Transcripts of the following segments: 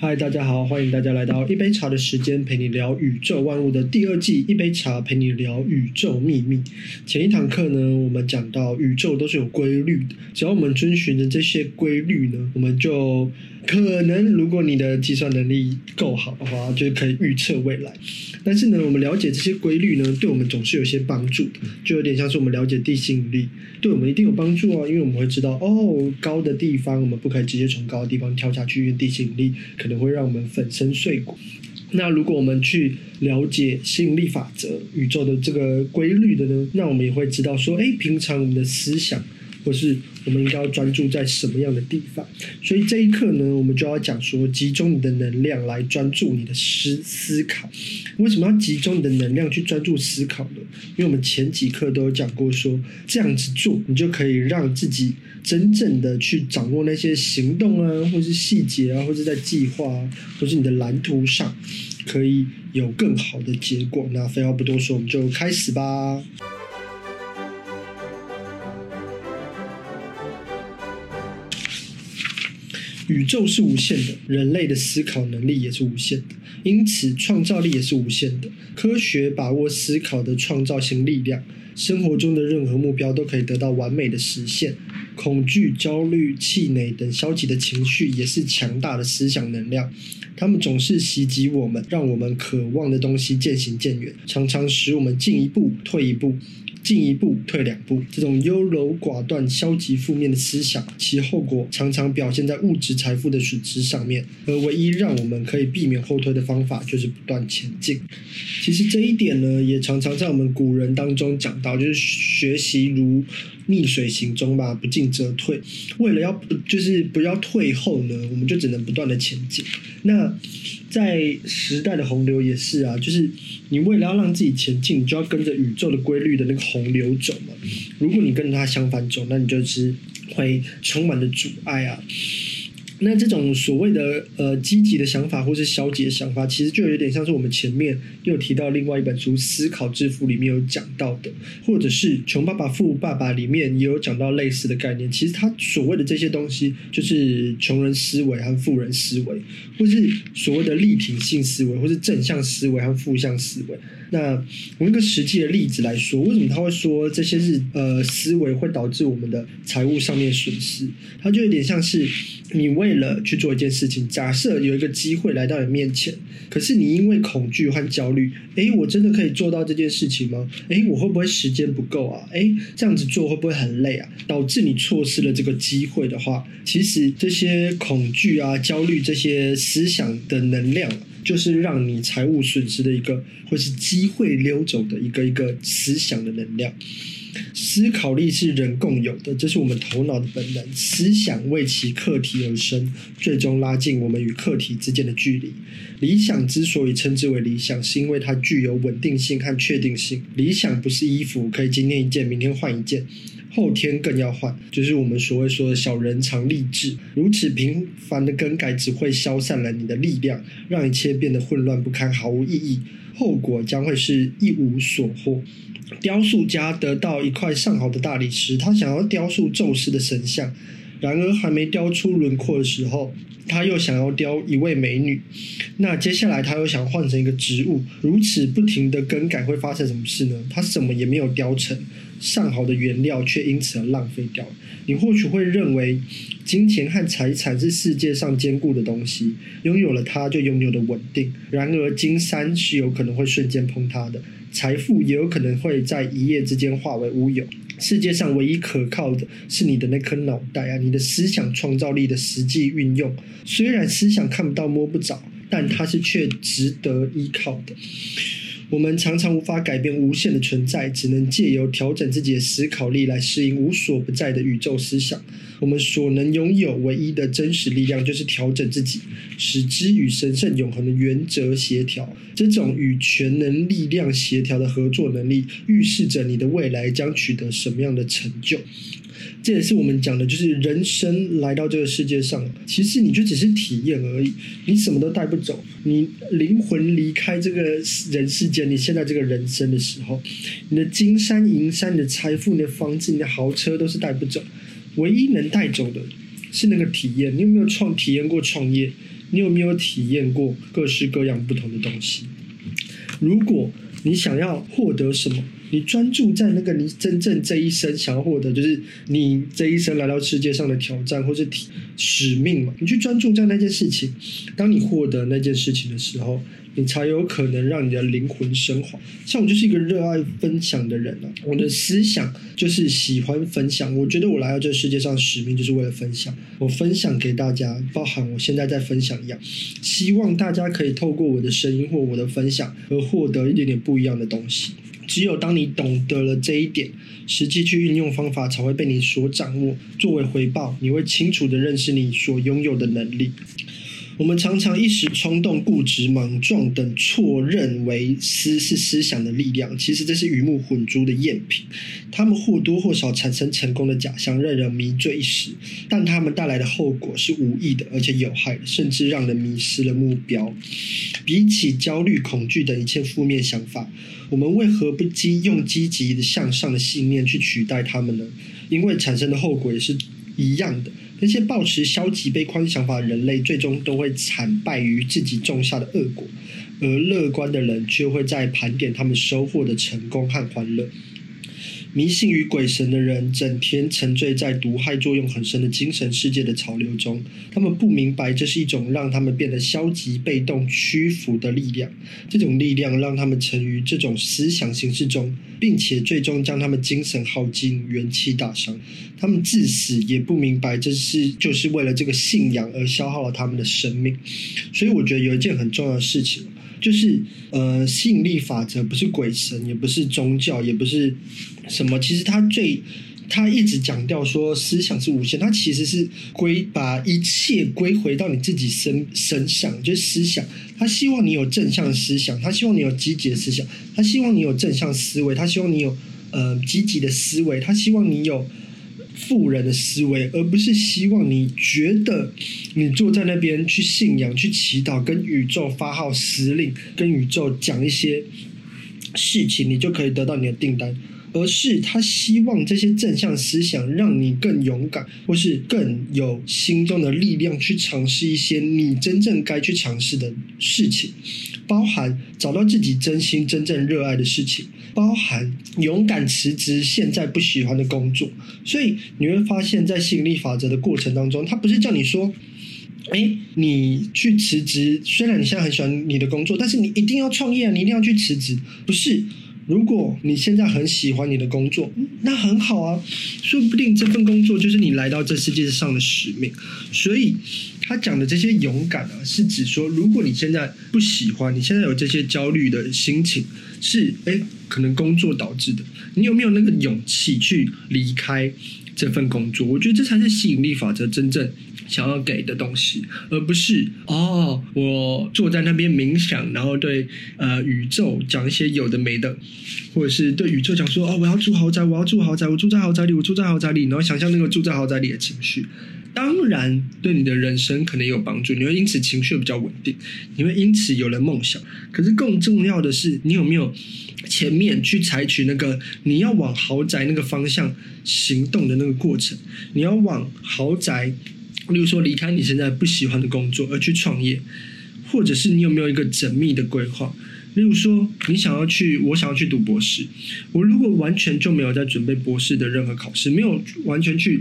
嗨，大家好，歡迎大家來到《一杯茶的時間》，陪你聊宇宙萬物的第二季。一杯茶陪你聊宇宙秘密。前一堂課呢，我們講到宇宙都是有規律的，只要我們遵循著這些規律呢，我們就可能，如果你的計算能力夠好的話，就可以預測未來。但是呢，我們了解這些規律呢，對我們總是有些幫助的，就有點像是我們了解地心引力，對我們一定有幫助啊，因為我們會知道，哦，高的地方我們不可以直接從高的地方跳下去，地心引力。可能會讓我們粉身碎骨。那如果我們去了解吸引力法則、宇宙的這個規律的呢？那我們也會知道說，哎，平常我們的思想。或是我們應該要專注在什麼樣的地方？所以這一課呢，我們就要講說，集中你的能量來專注你的思思考。為什麼要集中你的能量去專注思考呢？因為我們前幾課都有講過說，說這樣子做，你就可以讓自己真正的去掌握那些行動啊，或是細節啊，或是在計劃啊，或是你的藍圖上，可以有更好的結果。那廢話不多說，我們就開始吧。宇宙是無限的，人類的思考能力也是無限的，因此創造力也是無限的。科學把握思考的創造性力量，生活中的任何目標都可以得到完美的實現。恐懼、焦慮、氣餒等消極的情緒也是強大的思想能量，它們總是襲擊我們，讓我們渴望的東西漸行漸遠，常常使我們進一步退一步。進一步退兩步，這種優柔寡斷、消極負面的思想，其後果常常表現在物質財富的損失上面。而唯一讓我們可以避免後退的方法，就是不斷前進。其實這一點呢，也常常在我們古人當中講到，就是學習如逆水行舟吧，不進則退。為了要就是不要退後呢，我們就只能不斷的前進。那在時代的洪流也是啊，就是你為了要讓自己前進，你就要跟着宇宙的規律的那個洪流走嘛。如果你跟着它相反走，那你就是會充滿的阻礙啊。那這種所謂的呃積極的想法，或是消極的想法，其實就有點像是我們前面又提到另外一本書《思考致富》裡面有講到的，或者是《窮爸爸富爸爸》裡面也有講到類似的概念。其實他所謂的這些東西，就是窮人思維和富人思維，或是所謂的立體性思維，或是正向思維和負向思維。那我用一個實際的例子來說，為什麼他會說這些日呃思維會導致我們的財務上面損失？他就有點像是你為了去做一件事情，假設有一個機會來到你面前，可是你因為恐懼和焦慮，誒我真的可以做到這件事情嗎？誒我會不會時間不夠啊？誒這樣子做會不會很累啊？導致你錯失了這個機會的話，其實這些恐懼啊、焦慮這些思想的能量、啊。就是讓你財務損失的一個，或是機會溜走的一個一個思想的能量。思考力是人共有的，這是我們頭腦的本能。思想為其課題而生，最終拉近我們與課題之間的距離。理想之所以稱之為理想，是因為它具有穩定性和確定性。理想不是衣服，可以今天一件，明天換一件。後天更要換，就是我們所謂說的小人常立志。如此頻繁的更改，只會消散了你的力量，讓一切變得混亂不堪，毫無意義。後果將會是一無所獲。雕塑家得到一塊上好的大理石，他想要雕塑宙斯的神像，然而還沒雕出輪廓的時候，他又想要雕一位美女。那接下來他又想換成一個植物，如此不停的更改，會發生什麼事呢？他什麼也沒有雕成。上好的原料卻因此而浪費掉了。你或許會認為，金錢和財產是世界上堅固的東西，擁有了它就擁有了穩定。然而，金山是有可能會瞬間崩塌的，財富也有可能會在一夜之間化為烏有。世界上唯一可靠的是你的那顆腦袋啊，你的思想創造力的實際運用。雖然思想看不到，摸不着，但它是卻值得依靠的。我們常常無法改變無限的存在，只能借由調整自己的思考力來適應無所不在的宇宙思想。我們所能擁有唯一的真實力量，就是調整自己，使之與神聖永恆的原則協調。這種與全能力量協調的合作能力，預示着你的未來將取得什麼樣的成就。這也是我們講的，就是人生來到這個世界上，其實你就只是體驗而已，你什麼都帶不走。你靈魂離開這個人世間，你現在這個人生的時候，你的金山銀山、你的財富、你的房子、你的豪車都是帶不走，唯一能帶走的是那個體驗。你有沒有創體驗過創業？你有沒有體驗過各式各樣不同的東西？如果你想要獲得什麼？你專注在那個你真正這一生想要獲得，就是你這一生來到世界上的挑戰或是體使命嘛，你去專注在那件事情，當你獲得那件事情的時候，你才有可能讓你的靈魂升華。像我就是一個熱愛分享的人啊，我的思想就是喜歡分享。我覺得我來到這世界上使命就是為了分享，我分享給大家，包含我現在在分享一樣，希望大家可以透過我的聲音或我的分享而獲得一點點不一樣的東西。只有當你懂得了這一點，實際去運用方法，才會被你所掌握。作為回報，你會清楚地認識你所擁有的能力。我們常常一時衝動、固執、莽撞等錯認為思是思，思想的力量，其實這是魚目混珠的贗品。他們或多或少產生成功的假象，讓人迷醉一時，但他們帶來的後果是無益的，而且有害的，甚至讓人迷失了目標。比起焦慮、恐懼等一切負面想法，我們為何不積用積極的向上的信念去取代他們呢？因為產生的後果也是一樣的。那些抱持消極悲觀想法的人類，最終都會慘敗於自己種下的惡果，而樂觀的人卻會在盤點他們收穫的成功和歡樂。迷信於鬼神的人，整天沉醉在毒害作用很深的精神世界的潮流中。他們不明白，這是一種讓他們變得消極、被動、屈服的力量。這種力量讓他們沉於這種思想形式中，並且最終將他們精神耗盡、元氣大傷。他們至死也不明白，這是就是為了這個信仰而消耗了他們的生命。所以，我覺得有一件很重要的事情。就是呃，吸引力法則不是鬼神，也不是宗教，也不是什麼。其實他最他一直強調說，思想是無限。他其實是歸把一切歸回到你自己身身上，就是、思想。他希望你有正向思想，他希望你有積極的思想，他希望你有正向思維，他希望你有呃積極的思維，他希望你有。富人的思維，而不是希望你覺得你坐在那邊去信仰、去祈禱，跟宇宙發號施令，跟宇宙講一些事情，你就可以得到你的訂單。而是他希望這些正向思想，讓你更勇敢，或是更有心中的力量，去嘗試一些你真正該去嘗試的事情。包含找到自己真心真正熱愛的事情，包含勇敢辭職現在不喜歡的工作，所以你會發現在吸引力法則的過程當中，他不是叫你說，哎、欸，你去辭職，雖然你現在很喜歡你的工作，但是你一定要創業啊，你一定要去辭職，不是。如果你現在很喜歡你的工作，那很好啊，說不定這份工作就是你來到這世界上的使命，所以。他講的這些勇敢啊，是指說，如果你現在不喜歡，你現在有這些焦慮的心情，是哎，可能工作導致的。你有沒有那個勇氣去離開這份工作？我覺得這才是吸引力法則真正想要給的東西，而不是哦，我坐在那邊冥想，然後對呃宇宙講一些有的沒的，或者是對宇宙講說哦，我要住豪宅，我要住豪宅，我住在豪宅裡，我住在豪宅裡，我住在豪宅裡，然後想象那個住在豪宅裡的情緒。當然，對你的人生可能也有幫助。你會因此情緒比較穩定，你會因此有了夢想。可是更重要的是，你有沒有前面去採取那個你要往豪宅那個方向行動的那個過程？你要往豪宅，例如說離開你現在不喜歡的工作而去創業，或者是你有沒有一個縝密的規劃？例如說，你想要去，我想要去讀博士。我如果完全就沒有在準備博士的任何考試，沒有完全去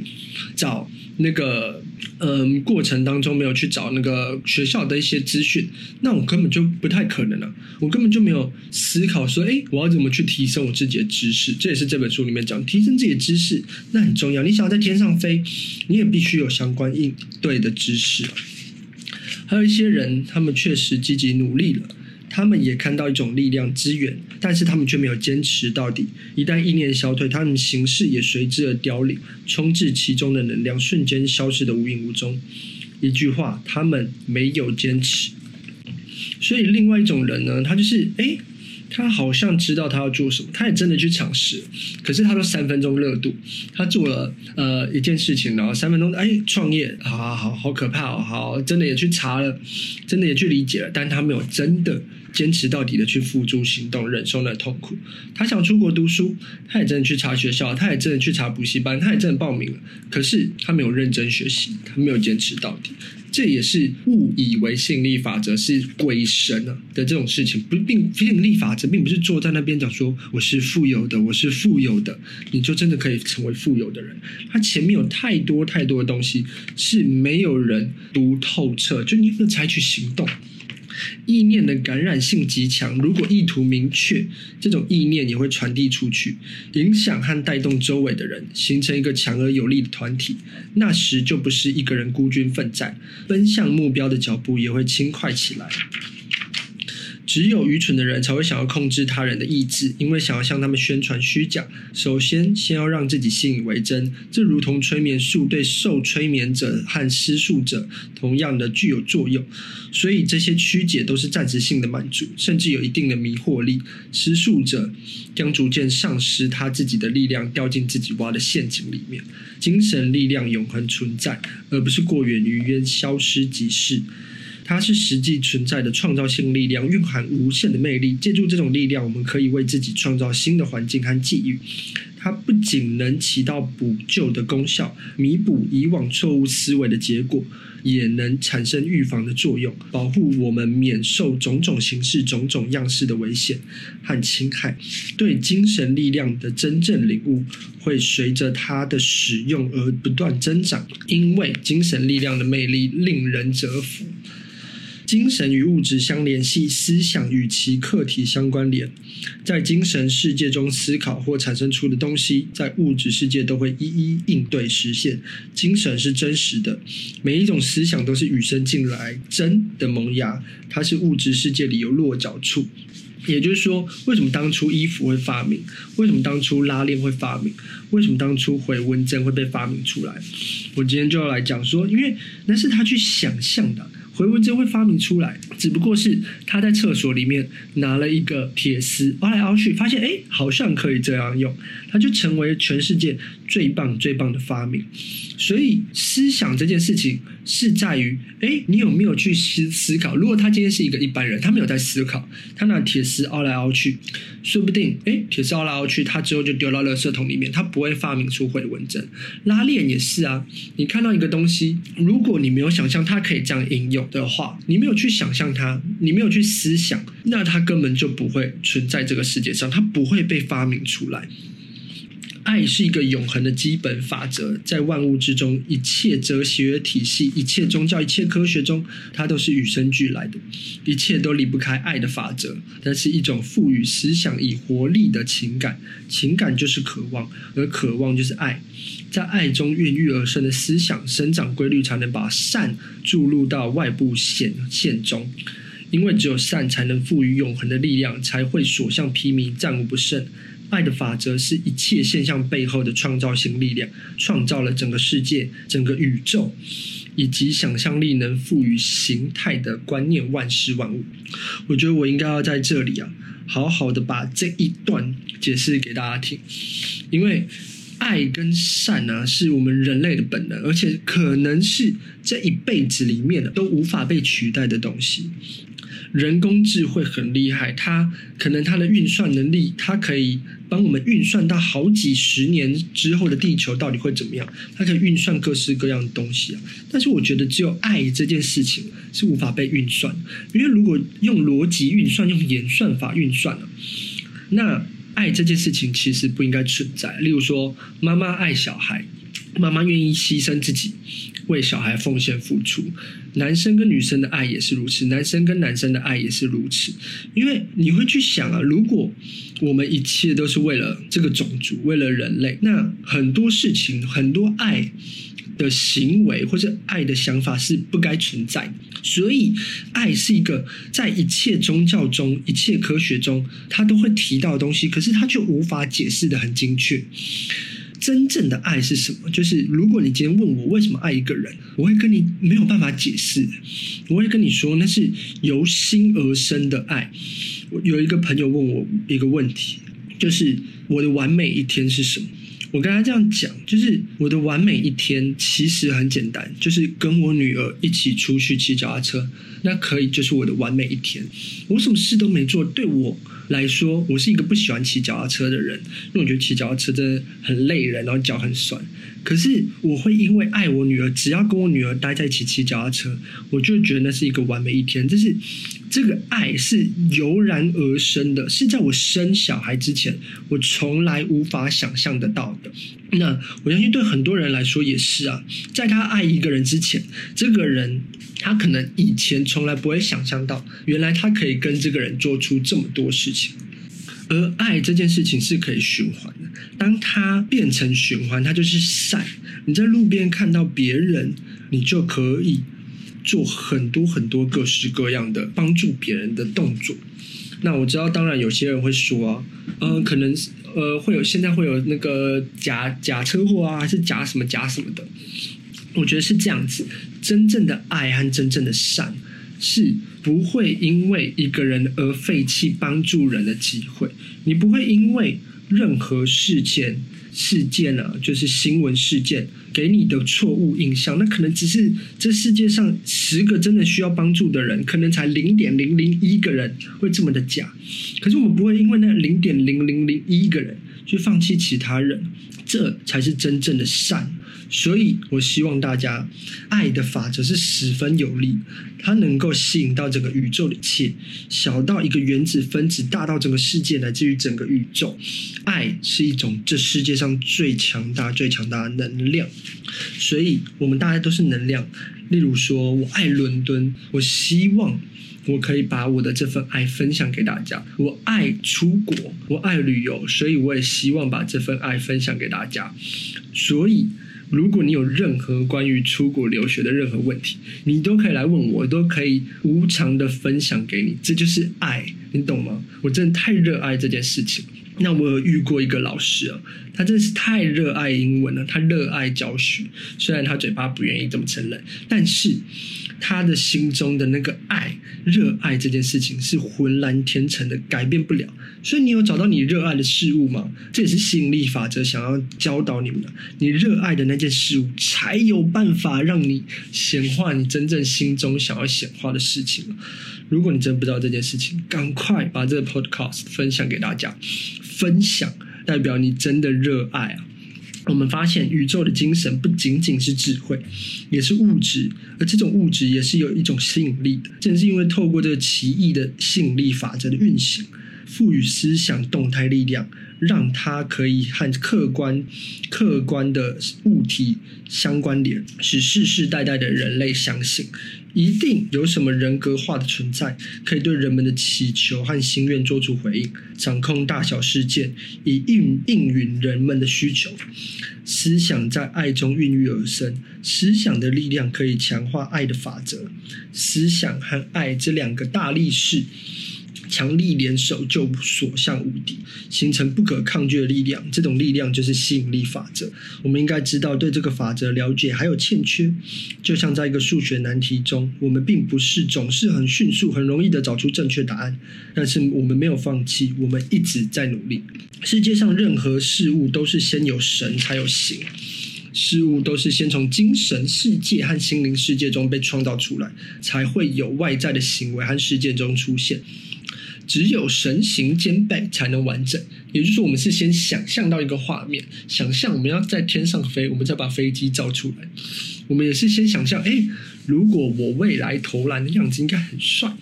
找那個，嗯、呃，過程當中沒有去找那個學校的一些資訊，那我根本就不太可能了、啊。我根本就沒有思考說，哎，我要怎麼去提升我自己的知識？這也是這本書裡面講，提升自己的知識那很重要。你想要在天上飛，你也必須有相關應對的知識。還有一些人，他們確實積極努力了。他們也看到一種力量支援，但是他們卻沒有堅持到底。一旦意念消退，他們形式也隨之而凋零，充斥其中的能量瞬間消失得無影無蹤。一句話，他們沒有堅持。所以，另外一種人呢，他就是誒他好像知道他要做什麼，他也真的去嘗試，可是他都三分鐘熱度，他做了呃一件事情，然後三分鐘，哎，創業，好好好，好可怕哦，好，真的也去查了，真的也去理解了，但他沒有真的堅持到底的去付諸行動，忍受那痛苦。他想出國讀書，他也真的去查學校，他也真的去查補習班，他也真的報名了，可是他沒有認真學習，他沒有堅持到底。這也是誤以為吸引力法則是鬼神的的這種事情，不，並吸引力法則並不是坐在那邊講說我是富有的，我是富有的，你就真的可以成為富有的人。它前面有太多太多的東西是沒有人讀透徹，就你得採取行動。意念的感染性極強，如果意圖明確，這種意念也會傳遞出去，影響和帶動周圍的人，形成一個強而有力的團體。那時就不是一個人孤軍奮戰，奔向目標的腳步也會輕快起來。只有愚蠢的人才會想要控制他人的意志，因為想要向他們宣傳虛假。首先，先要讓自己信以為真，這如同催眠術對受催眠者和施術者同樣的具有作用。所以，這些曲解都是暫時性的滿足，甚至有一定的迷惑力。施術者將逐漸喪失他自己的力量，掉進自己挖的陷阱裡面。精神力量永恆存在，而不是過眼雲煙，消失即逝。它是實際存在的創造性力量，蘊含無限的魅力。借助這種力量，我們可以為自己創造新的環境和機遇。它不僅能起到補救的功效，彌補以往錯誤思維的結果，也能產生預防的作用，保護我們免受種種形式、種種樣式的危險和侵害。對精神力量的真正領悟，會隨着它的使用而不斷增長，因為精神力量的魅力令人折服。精神與物質相聯繫，思想與其課題相關聯，在精神世界中思考或產生出的東西，在物質世界都會一一應對實現。精神是真實的，每一種思想都是與生俱來、真的萌芽，它是物質世界裡有落腳處。也就是說，為什麼當初衣服會發明？為什麼當初拉鏈會發明？為什麼當初迴紋針會被發明出來？我今天就要來講說，因為那是他去想象的。迴紋針會發明出來，只不過是他在廁所裡面拿了一個鐵絲，凹來凹去，發現，哎，好像可以這樣用，他就成為全世界最棒最棒的發明。所以思想這件事情是在於，哎，你有沒有去思思考？如果他今天是一個一般人，他沒有在思考，他拿鐵絲凹來凹去，說不定哎，鐵絲凹來凹去，他之後就丟到垃圾桶裡面，他不會發明出迴紋針。拉鏈也是啊，你看到一個東西，如果你沒有想象它可以這樣應用，的話，你沒有去想象它，你沒有去思想，那它根本就不會存在這個世界上，它不會被發明出來。愛是一個永恆的基本法則，在萬物之中，一切哲學體系、一切宗教、一切科學中，它都是與生俱來的。一切都離不開愛的法則。那是一種賦予思想以活力的情感，情感就是渴望，而渴望就是愛。在愛中孕育而生的思想生長規律，才能把善注入到外部顯現，現中。因為只有善，才能賦予永恆的力量，才會所向披靡，戰無不勝。愛的法則是一切現象背後的創造性力量，創造了整個世界、整個宇宙，以及想象力能賦予形態的觀念，萬事萬物。我覺得我應該要在這裡啊，好好的把這一段解釋給大家聽，因為愛跟善呢、啊，是我們人類的本能，而且可能是這一輩子裡面的都無法被取代的東西。人工智慧很厲害，它可能它的運算能力，它可以幫我們運算到好幾十年之後的地球到底會怎麼樣？它可以運算各式各樣的東西啊。但是我覺得，只有愛這件事情是無法被運算，因為如果用邏輯運算、用演算法運算了啊，那愛這件事情其實不應該存在。例如說，媽媽愛小孩，媽媽願意犧牲自己。為小孩奉獻付出，男生跟女生的愛也是如此，男生跟男生的愛也是如此。因為你會去想啊，如果我們一切都是為了這個種族，為了人類，那很多事情、很多愛的行為或者愛的想法是不該存在。所以，愛是一個在一切宗教中、一切科學中，他都會提到的東西，可是他卻無法解釋得很精確。真正的愛是什麼？就是如果你今天問我為什麼愛一個人，我會跟你沒有辦法解釋的。我會跟你說，那是由心而生的愛。我有一個朋友問我一個問題，就是我的完美一天是什麼？我剛才這樣講，就是我的完美一天其實很簡單，就是跟我女兒一起出去騎腳踏車，那可以就是我的完美一天。我什麼事都沒做，對我來說，我是一個不喜歡騎腳踏車的人，因為我覺得騎腳踏車真的很累人，然後腳很酸。可是我會因為愛我女兒，只要跟我女兒待在一起騎腳踏車，我就覺得那是一個完美一天。就是。這個愛是油然而生的，是在我生小孩之前，我從來無法想象得到的。那我相信對很多人來說也是啊，在他愛一個人之前，這個人他可能以前從來不會想象到，原來他可以跟這個人做出這麼多事情。而愛這件事情是可以循環的，當它變成循環，它就是善。你在路邊看到別人，你就可以。做很多很多各式各樣的幫助別人的動作。那我知道，當然有些人會說，嗯、啊呃，可能呃會有現在會有那個假假車禍啊，還是假什麼假什麼的。我覺得是這樣子，真正的愛和真正的善是不會因為一個人而廢棄幫助人的機會，你不會因為任何事件。事件呢、啊，就是新聞事件給你的錯誤印象，那可能只是這世界上十個真的需要幫助的人，可能才零點零零一個人會這麼的假。可是我們不會因為那零點零零零一個人去放棄其他人，這才是真正的善。所以，我希望大家，愛的法則是十分有力，它能夠吸引到整個宇宙的一切，小到一個原子分子，大到整個世界，來自於整個宇宙。愛是一種這世界上最強大、最強大的能量。所以，我們大家都是能量。例如說，我愛倫敦，我希望我可以把我的這份愛分享給大家。我愛出國，我愛旅遊，所以我也希望把這份愛分享給大家。所以。如果你有任何關於出國留學的任何問題，你都可以來問我，我都可以無償的分享給你。這就是愛，你懂嗎？我真的太熱愛這件事情。那我有遇過一個老師啊，他真的是太熱愛英文了，他熱愛教學，雖然他嘴巴不願意這麼承認，但是，他的心中的那個愛，熱愛這件事情是渾然天成的，改變不了。所以你有找到你熱愛的事物嗎？這也是吸引力法則想要教導你們的。你熱愛的那件事物，才有辦法讓你顯化你真正心中想要顯化的事情。如果你真不知道這件事情，趕快把這個 podcast 分享給大家。分享代表你真的熱愛啊。我們發現宇宙的精神不僅僅是智慧，也是物質，而這種物質也是有一種吸引力的。正是因為透過這個奇異的吸引力法則的運行，賦予思想動態力量，讓它可以和客觀、客觀的物體相關聯，使世世代代的人類相信，一定有什麼人格化的存在，可以對人們的祈求和心願做出回應，掌控大小事件，以應應允人們的需求。思想在愛中孕育而生，思想的力量可以強化愛的法則。思想和愛這兩個大力士，強力聯手就所向無敵，形成不可抗拒的力量。這種力量就是吸引力法則。我們應該知道，對這個法則了解還有欠缺。就像在一個數學難題中，我們並不是總是很迅速、很容易地找出正確答案，但是我們沒有放棄，我們一直在努力。世界上任何事物都是先有神才有形，事物都是先從精神世界和心靈世界中被創造出來，才會有外在的行為和事件中出現。只有神形兼備才能完整，也就是說，我們是先想象到一個畫面，想象我們要在天上飛，我們再把飛機造出來。我們也是先想象，哎、欸，如果我未來投籃的樣子應該很帥，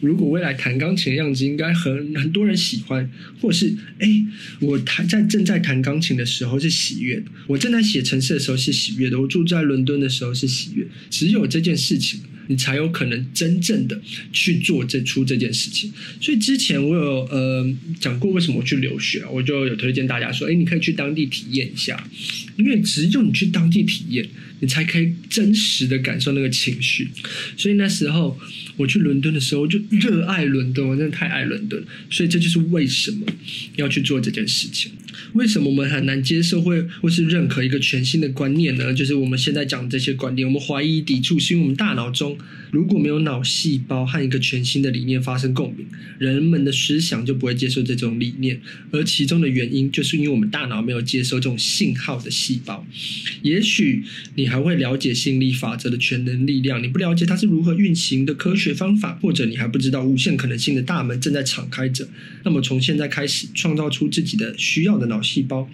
如果未來彈鋼琴的樣子應該很很多人喜歡，或者是，哎、欸，我彈在，在正在彈鋼琴的時候是喜悅的，我正在寫程式的時候是喜悅的，我住在倫敦的時候是喜悅。只有這件事情。你才有可能真正的去做這出這件事情。所以之前我有呃講過，為什麼我去留學，我就有推薦大家說，哎，你可以去當地體驗一下。因為只有你去當地體驗，你才可以真實的感受那個情緒。所以那時候我去倫敦的時候，就熱愛倫敦，我真的太愛倫敦了。所以這就是為什麼要去做這件事情。為什麼我們很難接受會或是認可一個全新的觀念呢？就是我們現在講的這些觀念，我們懷疑抵觸，是因為我們大腦中如果沒有腦細胞和一個全新的理念發生共鳴，人們的思想就不會接受這種理念。而其中的原因，就是因為我們大腦沒有接受這種信號的信號。細胞，也許你還會了解吸引力法則的全能力量，你不了解它是如何運行的科學方法，或者你還不知道無限可能性的大門正在敞開着。那麼，從現在開始，創造出自己的需要的腦細胞，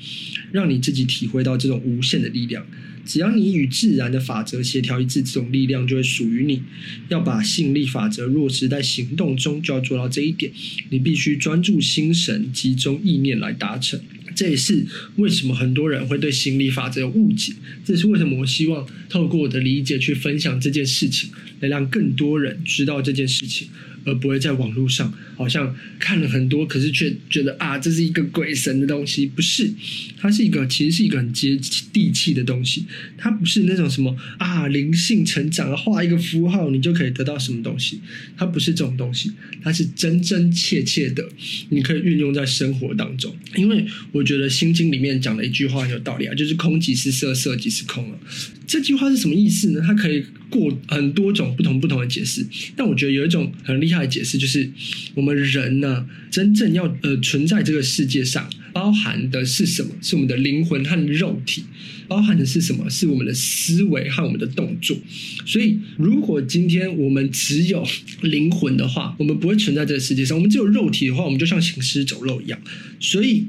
讓你自己體會到這種無限的力量。只要你與自然的法則協調一致，這種力量就會屬於你。要把吸引力法則落實在行動中，就要做到這一點。你必須專注心神，集中意念來達成。這也是為什麼很多人會對心理法則有誤解。這也是為什麼我希望透過我的理解去分享這件事情，來讓更多人知道這件事情。而不會在網絡上，好像看了很多，可是卻覺得啊，這是一個鬼神的東西，不是，它是一個，其實是一個很接地氣的東西。它不是那種什麼啊，靈性成長，畫一個符號你就可以得到什麼東西。它不是這種東西，它是真真切切的，你可以運用在生活當中。因為我覺得《心經》裡面講的一句話很有道理啊，就是“空即是色，色即是空啊”了。這句話是什麼意思呢？它可以。過很多種不同不同的解釋，但我覺得有一種很厲害的解釋，就是我們人呢、啊，真正要呃存在這個世界上，包含的是什麼？是我們的靈魂和肉體，包含的是什麼？是我們的思維和我們的動作。所以，如果今天我們只有靈魂的話，我們不會存在這個世界上；我們只有肉體的話，我們就像行屍走肉一樣。所以，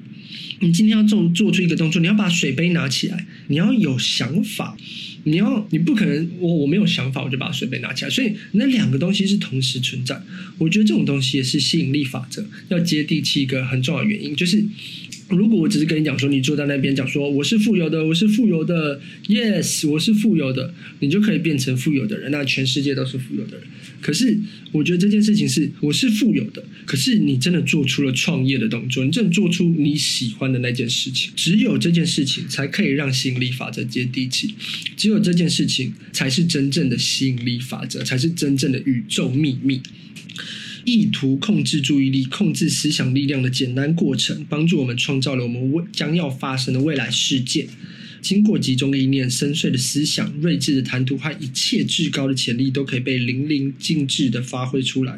你今天要做做出一個動作，你要把水杯拿起來，你要有想法。你要，你不可能，我我沒有想法，我就把水杯拿起來，所以那兩個東西是同時存在。我覺得這種東西也是吸引力法則，要接地氣一個很重要的原因就是。如果我只是跟你講說，你坐在那邊講說我是富有的，我是富有的，yes，我是富有的，你就可以變成富有的人，那全世界都是富有的人。可是我覺得這件事情是，我是富有的，可是你真的做出了創業的動作，你真的做出你喜歡的那件事情，只有這件事情才可以讓吸引力法則接地氣，只有這件事情才是真正的吸引力法則，才是真正的宇宙秘密。意圖控制注意力、控制思想力量的簡單過程，幫助我們創造了我們未將要發生的未來事件。經過集中意念，深邃的思想、睿智的談吐和一切至高的潛力，都可以被淋漓盡致地發揮出來。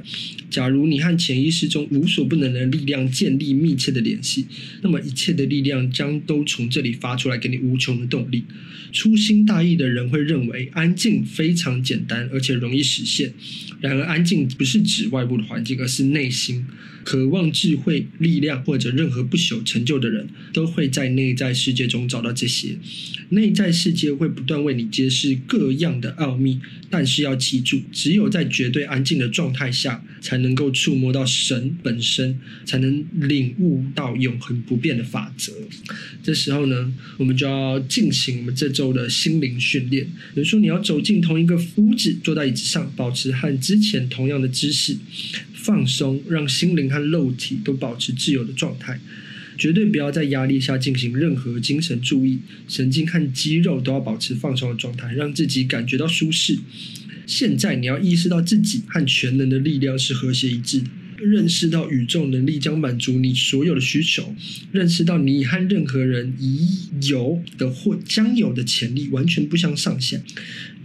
假如你和潛意識中無所不能的力量建立密切的聯繫，那麼一切的力量將都從這裡發出來，給你無窮的動力。粗心大意的人會認為安靜非常簡單而且容易實現，然而安靜不是指外部的環境，而是內心。渴望智慧、力量或者任何不朽成就的人，都會在內在世界中找到這些。內在世界會不斷為你揭示各樣的奧秘，但是要記住，只有在絕對安靜的狀態下，才能夠觸摸到神本身，才能領悟到永恆不變的法則。這時候呢，我們就要進行我們這週的心靈訓練。比如說，你要走進同一個屋子，坐在椅子上，保持和之前同樣的姿勢，放鬆，讓心靈和肉體都保持自由的狀態。絕對不要在壓力下進行任何精神注意，神經和肌肉都要保持放鬆的狀態，讓自己感覺到舒適。現在你要意識到自己和全能的力量是和諧一致的，認識到宇宙能力將滿足你所有的需求，認識到你和任何人已有的或將有的潛力完全不相上下。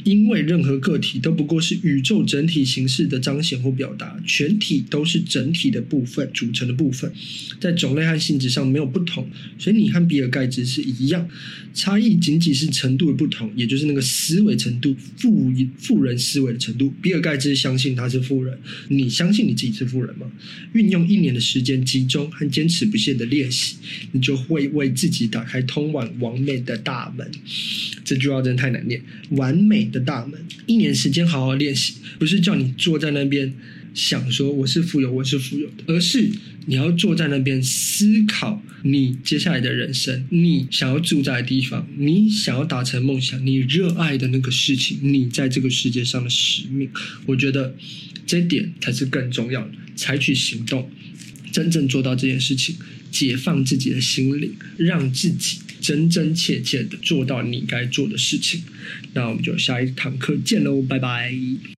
因為任何個體都不過是宇宙整體形式的彰顯或表達，全體都是整體的部分組成的部分，在種類和性質上沒有不同，所以你和比爾蓋茨是一樣，差異僅僅是程度的不同，也就是那個思維程度，富富人思維的程度。比爾蓋茨相信他是富人，你相信你自己是富人嗎？運用一年的時間，集中和堅持不懈的練習，你就會為自己打開通往完美的大門。這句話真的太難念，完美。的大門，一年時間好好練習，不是叫你坐在那邊想說我是富有，我是富有的，而是你要坐在那邊思考你接下來的人生，你想要住在的地方，你想要達成夢想，你熱愛的那個事情，你在這個世界上的使命。我覺得這點才是更重要的，採取行動，真正做到這件事情，解放自己的心靈，讓自己。真真切切的做到你該做的事情，那我們就下一堂課見嘍，拜拜。